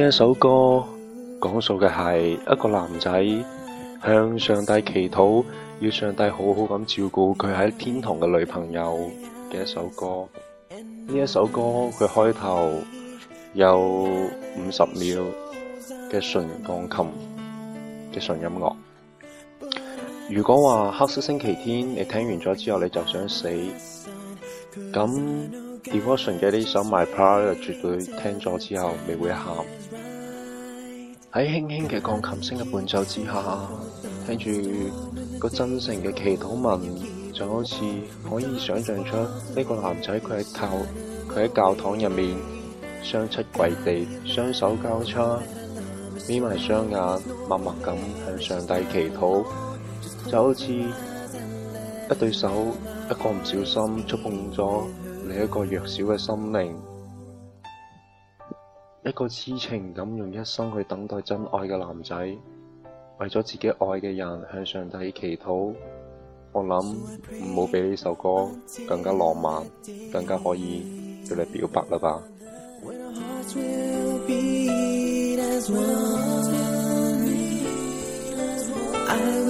呢一首歌講述嘅係一個男仔向上帝祈禱，要上帝好好咁照顧佢喺天堂嘅女朋友嘅一首歌。呢一首歌佢開頭有五十秒嘅純鋼琴嘅純音樂。如果話黑色星期天你聽完咗之後你就想死咁。那 Devotion 嘅呢首《My Prayer》絕對聽咗之後未會喊，喺輕輕嘅鋼琴聲嘅伴奏之下，聽住個真誠嘅祈禱文，就好似可以想象出呢個男仔佢喺教佢喺教堂入面雙膝跪地，雙手交叉，眯埋雙眼，默默咁向上帝祈禱，就好似一對手一個唔小心觸碰咗。係一個弱小嘅心靈，一個痴情咁用一生去等待真愛嘅男仔，為咗自己愛嘅人向上帝祈禱。我諗唔好比呢首歌更加浪漫，更加可以對你表白啦吧。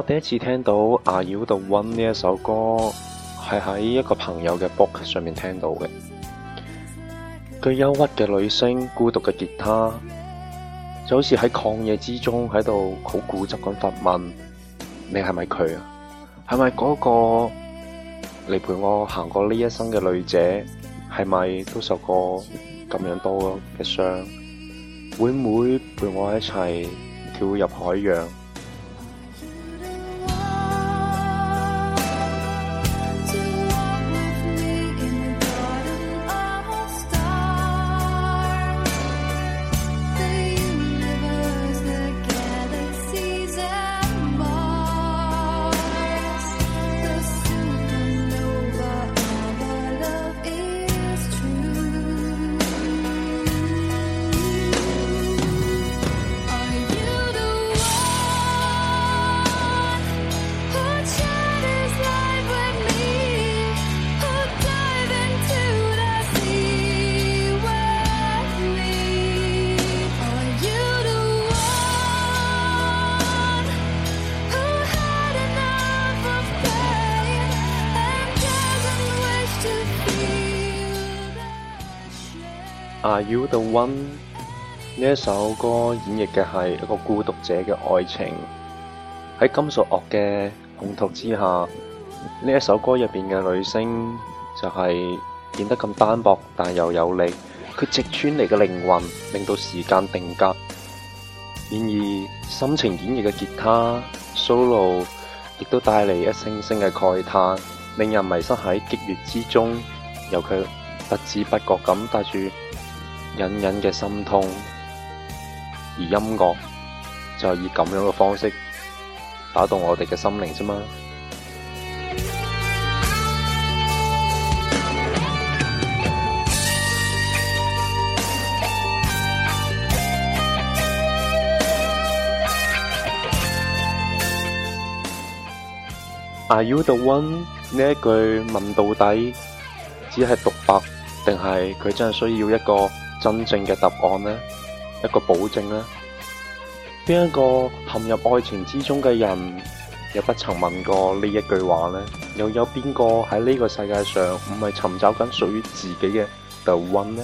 我第一次聽到《Are You The One》呢一首歌，係喺一個朋友嘅 book 上面聽到嘅。佢憂鬱嘅女聲，孤獨嘅吉他，就好似喺曠野之中喺度好固執咁發問：你係咪佢啊？係咪嗰個你陪我行過呢一生嘅女者？係咪都受過咁樣多嘅傷？會唔會陪我一齊跳入海洋？《You Don't Win》呢一首歌演繹嘅係一個孤獨者嘅愛情，喺金屬樂嘅烘托之下，呢一首歌入邊嘅女聲就係、是、變得咁單薄，但又有力。佢直穿嚟，嘅靈魂，令到時間定格。然而，深情演繹嘅吉他 solo 亦都帶嚟一聲聲嘅慨嘆，令人迷失喺激烈之中，由佢不知不覺咁帶住。隱隱嘅心痛，而音樂就係以咁樣嘅方式打動我哋嘅心靈啫嘛。Are you the one？呢一句問到底，只係獨白，定係佢真係需要一個？真正嘅答案呢，一個保證呢，邊一個陷入愛情之中嘅人，又不曾問過呢一句話呢？又有邊個喺呢個世界上唔係尋找緊屬於自己嘅 the one 呢？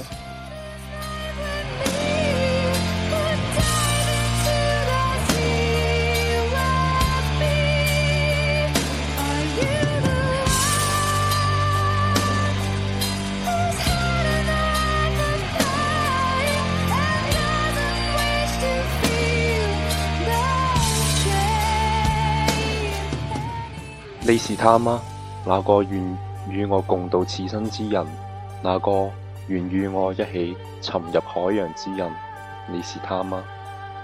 你是他嗎？那個願與我共度此生之人，那個願與我一起沉入海洋之人，你是他嗎？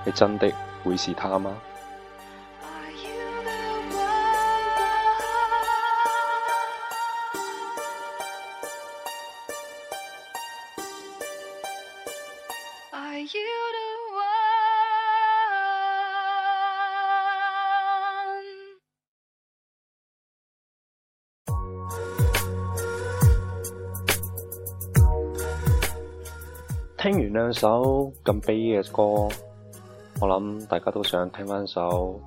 你真的會是他嗎？聽完兩首咁悲嘅歌，我諗大家都想聽翻首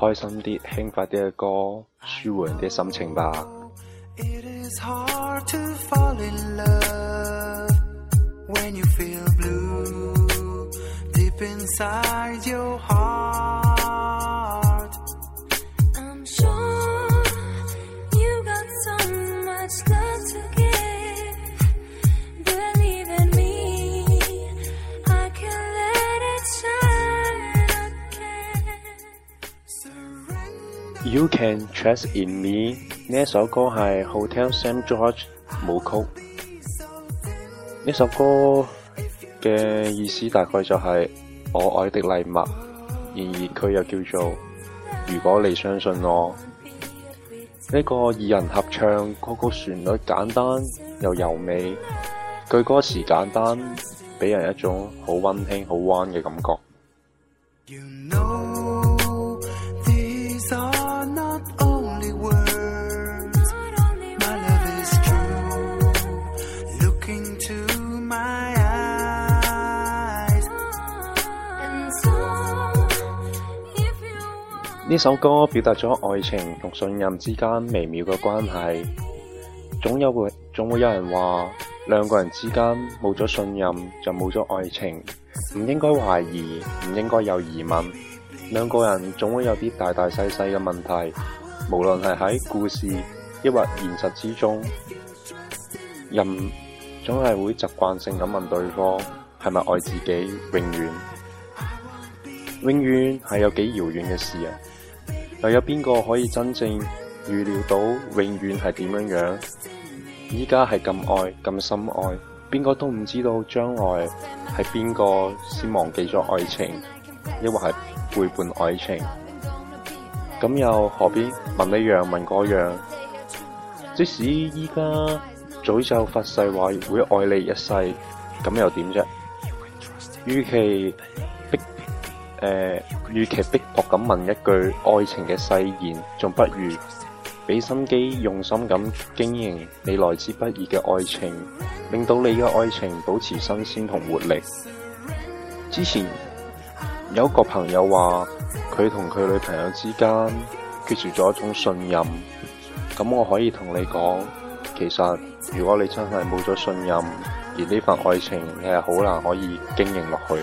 開心啲、輕快啲嘅歌，舒緩啲心情吧。Trust in me 呢一首歌係 Hotel Sam George 舞曲，呢首歌嘅意思大概就係我愛的禮物，然而佢又叫做如果你相信我。呢、這個二人合唱歌曲，旋律簡單又柔美，句歌詞簡單，俾人一種好溫馨、好彎嘅感覺。呢首歌表達咗愛情同信任之間微妙嘅關係，總有會總會有人話，兩個人之間冇咗信任就冇咗愛情，唔應該懷疑，唔應該有疑問，兩個人總會有啲大大細細嘅問題，無論係喺故事抑或現實之中，人總係會習慣性咁問對方係咪愛自己永遠。永遠，永遠係有幾遙遠嘅事啊！又有邊個可以真正預料到永遠係點樣樣？依家係咁愛咁深愛，邊個都唔知道將來係邊個先忘記咗愛情，抑或係背叛愛情？咁又何必問呢樣問嗰樣？即使依家早就發誓話會愛你一世，咁又點啫？與其……誒，與其、呃、逼迫咁問一句愛情嘅誓言，仲不如俾心機用心咁經營你來之不易嘅愛情，令到你嘅愛情保持新鮮同活力。之前有一個朋友話佢同佢女朋友之間結住咗一種信任，咁我可以同你講，其實如果你真係冇咗信任，而呢份愛情係好難可以經營落去。